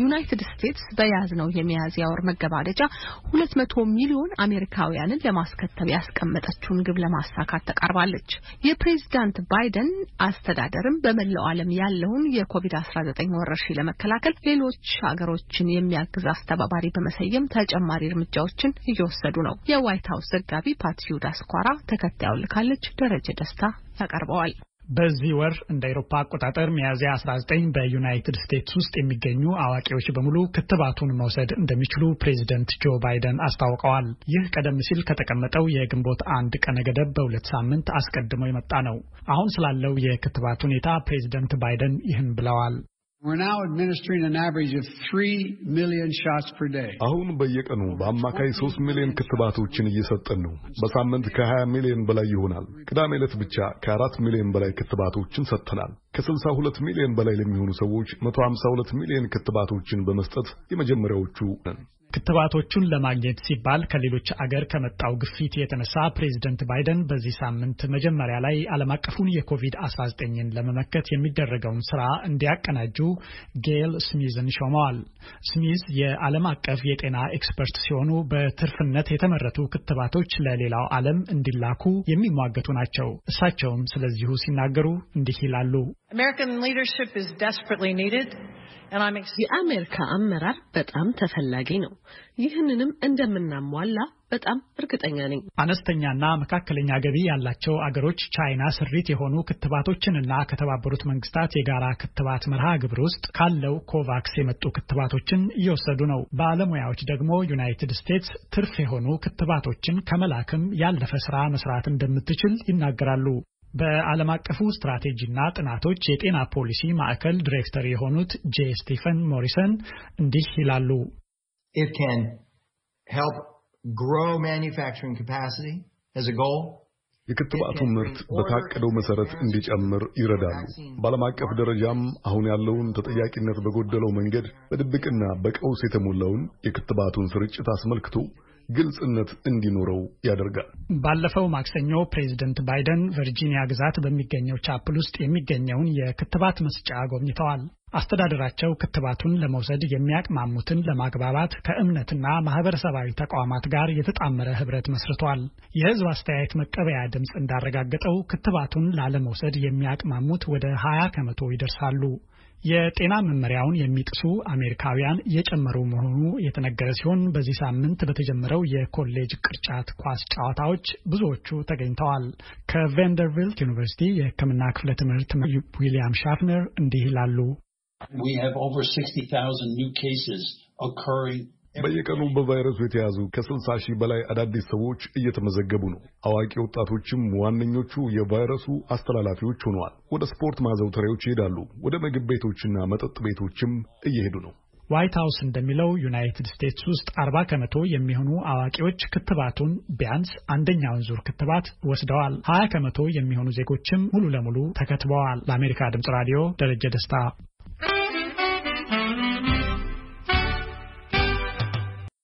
ዩናይትድ ስቴትስ በያዝነው የሚያዝያ ወር መገባደጃ ሁለት መቶ ሚሊዮን አሜሪካውያንን ለማስከተብ ያስቀመጠችውን ግብ ለማሳካት ተቃርባለች። የፕሬዚዳንት ባይደን አስተዳደርም በመላው ዓለም ያለውን የኮቪድ-19 ወረርሽኝ ለመከላከል ሌሎች ሀገሮችን የሚያግዝ አስተባባሪ በመሰየም ተጨማሪ እርምጃዎችን እየወሰዱ ነው። የዋይት ሀውስ ዘጋቢ ፓትሲዩድ አስኳራ ተከታዩን ልካለች። ደረጀ ደስታ ያቀርበዋል። በዚህ ወር እንደ አውሮፓ አቆጣጠር ሚያዝያ 19 በዩናይትድ ስቴትስ ውስጥ የሚገኙ አዋቂዎች በሙሉ ክትባቱን መውሰድ እንደሚችሉ ፕሬዚደንት ጆ ባይደን አስታውቀዋል። ይህ ቀደም ሲል ከተቀመጠው የግንቦት አንድ ቀነ ገደብ በሁለት ሳምንት አስቀድሞ የመጣ ነው። አሁን ስላለው የክትባት ሁኔታ ፕሬዚደንት ባይደን ይህን ብለዋል። We're now administering an average of 3 million shots per day. አሁን በየቀኑ በአማካይ 3 ሚሊዮን ክትባቶችን እየሰጠን ነው። በሳምንት ከ20 ሚሊዮን በላይ ይሆናል። ቅዳሜ ዕለት ብቻ ከ4 ሚሊዮን በላይ ክትባቶችን ሰጥተናል። ከ62 ሚሊዮን በላይ ለሚሆኑ ሰዎች 152 ሚሊዮን ክትባቶችን በመስጠት የመጀመሪያዎቹ ክትባቶቹን ለማግኘት ሲባል ከሌሎች አገር ከመጣው ግፊት የተነሳ ፕሬዚደንት ባይደን በዚህ ሳምንት መጀመሪያ ላይ ዓለም አቀፉን የኮቪድ-19ን ለመመከት የሚደረገውን ስራ እንዲያቀናጁ ጌል ስሚዝን ሾመዋል። ስሚዝ የዓለም አቀፍ የጤና ኤክስፐርት ሲሆኑ በትርፍነት የተመረቱ ክትባቶች ለሌላው ዓለም እንዲላኩ የሚሟገቱ ናቸው። እሳቸውም ስለዚሁ ሲናገሩ እንዲህ ይላሉ። የአሜሪካ አመራር በጣም ተፈላጊ ነው። ይህንንም እንደምናሟላ በጣም እርግጠኛ ነኝ። አነስተኛና መካከለኛ ገቢ ያላቸው አገሮች ቻይና ስሪት የሆኑ ክትባቶችንና ከተባበሩት መንግስታት የጋራ ክትባት መርሃ ግብር ውስጥ ካለው ኮቫክስ የመጡ ክትባቶችን እየወሰዱ ነው። ባለሙያዎች ደግሞ ዩናይትድ ስቴትስ ትርፍ የሆኑ ክትባቶችን ከመላክም ያለፈ ስራ መስራት እንደምትችል ይናገራሉ። በዓለም አቀፉ ስትራቴጂና ጥናቶች የጤና ፖሊሲ ማዕከል ዲሬክተር የሆኑት ጄ ስቲፈን ሞሪሰን እንዲህ ይላሉ። It can help grow manufacturing capacity as a goal. የክትባቱ ምርት በታቀደው መሰረት እንዲጨምር ይረዳሉ። በዓለም አቀፍ ደረጃም አሁን ያለውን ተጠያቂነት በጎደለው መንገድ በድብቅና በቀውስ የተሞላውን የክትባቱን ስርጭት አስመልክቶ ግልጽነት እንዲኖረው ያደርጋል። ባለፈው ማክሰኞ ፕሬዚደንት ባይደን ቨርጂኒያ ግዛት በሚገኘው ቻፕል ውስጥ የሚገኘውን የክትባት መስጫ ጎብኝተዋል። አስተዳደራቸው ክትባቱን ለመውሰድ የሚያቅማሙትን ለማግባባት ከእምነትና ማህበረሰባዊ ተቋማት ጋር የተጣመረ ህብረት መስርቷል። የህዝብ አስተያየት መቀበያ ድምፅ እንዳረጋገጠው ክትባቱን ላለመውሰድ የሚያቅማሙት ወደ 20 ከመቶ ይደርሳሉ። የጤና መመሪያውን የሚጥሱ አሜሪካውያን እየጨመሩ መሆኑ የተነገረ ሲሆን በዚህ ሳምንት በተጀመረው የኮሌጅ ቅርጫት ኳስ ጨዋታዎች ብዙዎቹ ተገኝተዋል። ከቬንደርቪልት ዩኒቨርሲቲ የሕክምና ክፍለ ትምህርት ዊሊያም ሻፍነር እንዲህ ይላሉ። በየቀኑ በቫይረሱ የተያዙ ከ60 ሺህ በላይ አዳዲስ ሰዎች እየተመዘገቡ ነው። አዋቂ ወጣቶችም ዋነኞቹ የቫይረሱ አስተላላፊዎች ሆነዋል። ወደ ስፖርት ማዘውተሪያዎች ይሄዳሉ። ወደ ምግብ ቤቶችና መጠጥ ቤቶችም እየሄዱ ነው። ዋይት ሀውስ እንደሚለው ዩናይትድ ስቴትስ ውስጥ አርባ ከመቶ የሚሆኑ አዋቂዎች ክትባቱን ቢያንስ አንደኛውን ዙር ክትባት ወስደዋል። ሀያ ከመቶ የሚሆኑ ዜጎችም ሙሉ ለሙሉ ተከትበዋል። ለአሜሪካ ድምጽ ራዲዮ ደረጀ ደስታ